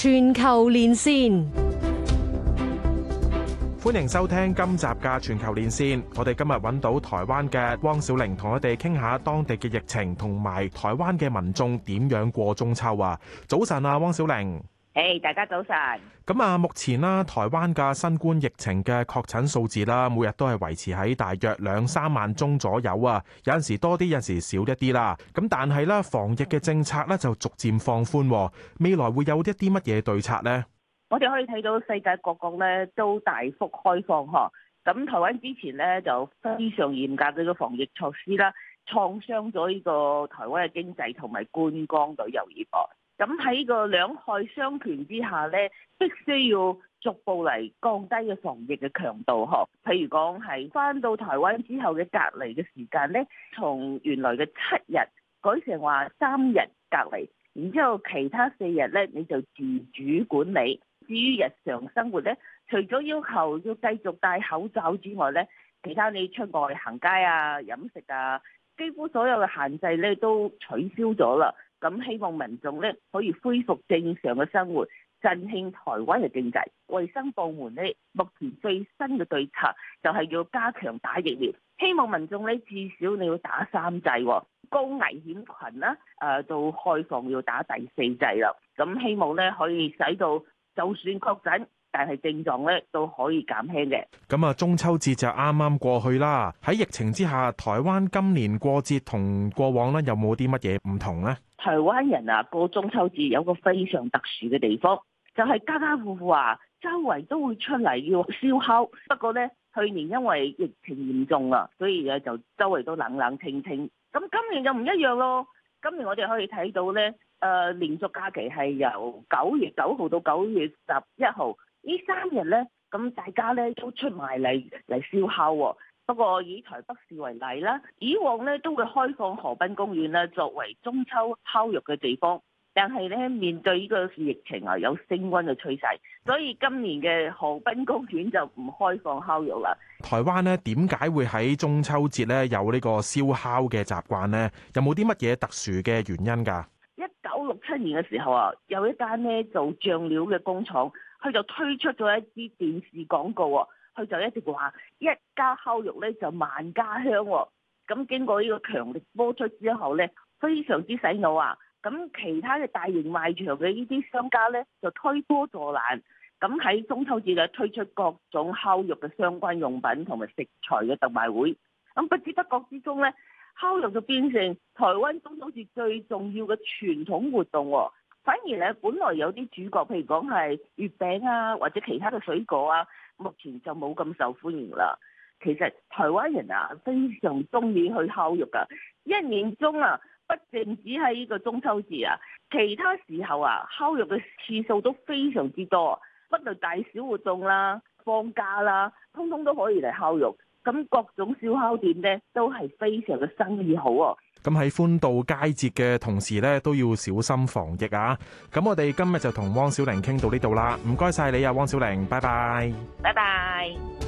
全球連線，歡迎收聽今集嘅全球連線。我哋今日揾到台灣嘅汪小玲，同我哋傾下當地嘅疫情，同埋台灣嘅民眾點樣過中秋啊。早晨啊，汪小玲。誒、hey，大家早晨咁啊！目前啦，台灣嘅新冠疫情嘅確診數字啦，每日都係維持喺大約兩三萬宗左右啊。有陣時多啲，有陣時少一啲啦。咁但係咧，防疫嘅政策咧就逐漸放寬，未來會有一啲乜嘢對策呢？我哋可以睇到世界各國咧都大幅開放嗬，咁台灣之前咧就非常嚴格嘅個防疫措施啦，創傷咗呢個台灣嘅經濟同埋觀光旅遊業。咁喺個兩害相權之下呢，必須要逐步嚟降低個防疫嘅強度嗬，譬如講係返到台灣之後嘅隔離嘅時間呢從原來嘅七日改成話三日隔離，然之後其他四日呢你就自主管理。至於日常生活呢，除咗要求要繼續戴口罩之外呢，其他你出外行街啊、飲食啊，幾乎所有嘅限制呢都取消咗啦。咁希望民眾咧可以恢復正常嘅生活，振興台灣嘅經濟。衞生部門呢目前最新嘅對策就係要加強打疫苗，希望民眾呢至少你要打三劑，高危險群啦，誒到開放要打第四劑啦。咁希望呢可以使到就算確診，但係症狀咧都可以減輕嘅。咁啊，中秋節就啱啱過去啦。喺疫情之下，台灣今年過節同過往呢有冇啲乜嘢唔同呢？台灣人啊，過中秋節有個非常特殊嘅地方，就係、是、家家戶戶啊，周圍都會出嚟要燒烤。不過呢，去年因為疫情嚴重啊，所以咧就周圍都冷冷清清。咁今年就唔一樣咯。今年我哋可以睇到呢誒、呃、連續假期係由九月九號到九月十一號，呢三日呢，咁大家呢都出埋嚟嚟燒烤喎。不過以台北市為例啦，以往咧都會開放河濱公園啦作為中秋烤肉嘅地方，但係咧面對呢個疫情啊，有升溫嘅趨勢，所以今年嘅河濱公園就唔開放烤肉啦。台灣咧點解會喺中秋節咧有呢個燒烤嘅習慣呢？有冇啲乜嘢特殊嘅原因㗎？一九六七年嘅時候啊，有一間咧做醬料嘅工廠，佢就推出咗一支電視廣告。佢就一直話一家烤肉咧就萬家香喎、哦，咁經過呢個強力播出之後呢，非常之洗腦啊！咁其他嘅大型賣場嘅呢啲商家呢，就推波助瀾，咁喺中秋節咧推出各種烤肉嘅相關用品同埋食材嘅特賣會，咁不知不覺之中呢，烤肉就變成台灣中秋節最重要嘅傳統活動喎、哦。反而呢，本來有啲主角，譬如講係月餅啊，或者其他嘅水果啊。目前就冇咁受歡迎啦。其實台灣人啊，非常鍾意去烤肉㗎。一年中啊，不淨只係呢個中秋節啊，其他時候啊，烤肉嘅次數都非常之多。不論大小活動啦、啊、放假啦、啊，通通都可以嚟烤肉。咁各種燒烤店呢，都係非常嘅生意好啊。咁喺歡度佳節嘅同時咧，都要小心防疫啊！咁我哋今日就同汪小玲傾到呢度啦，唔該晒你啊，汪小玲，拜拜，拜拜。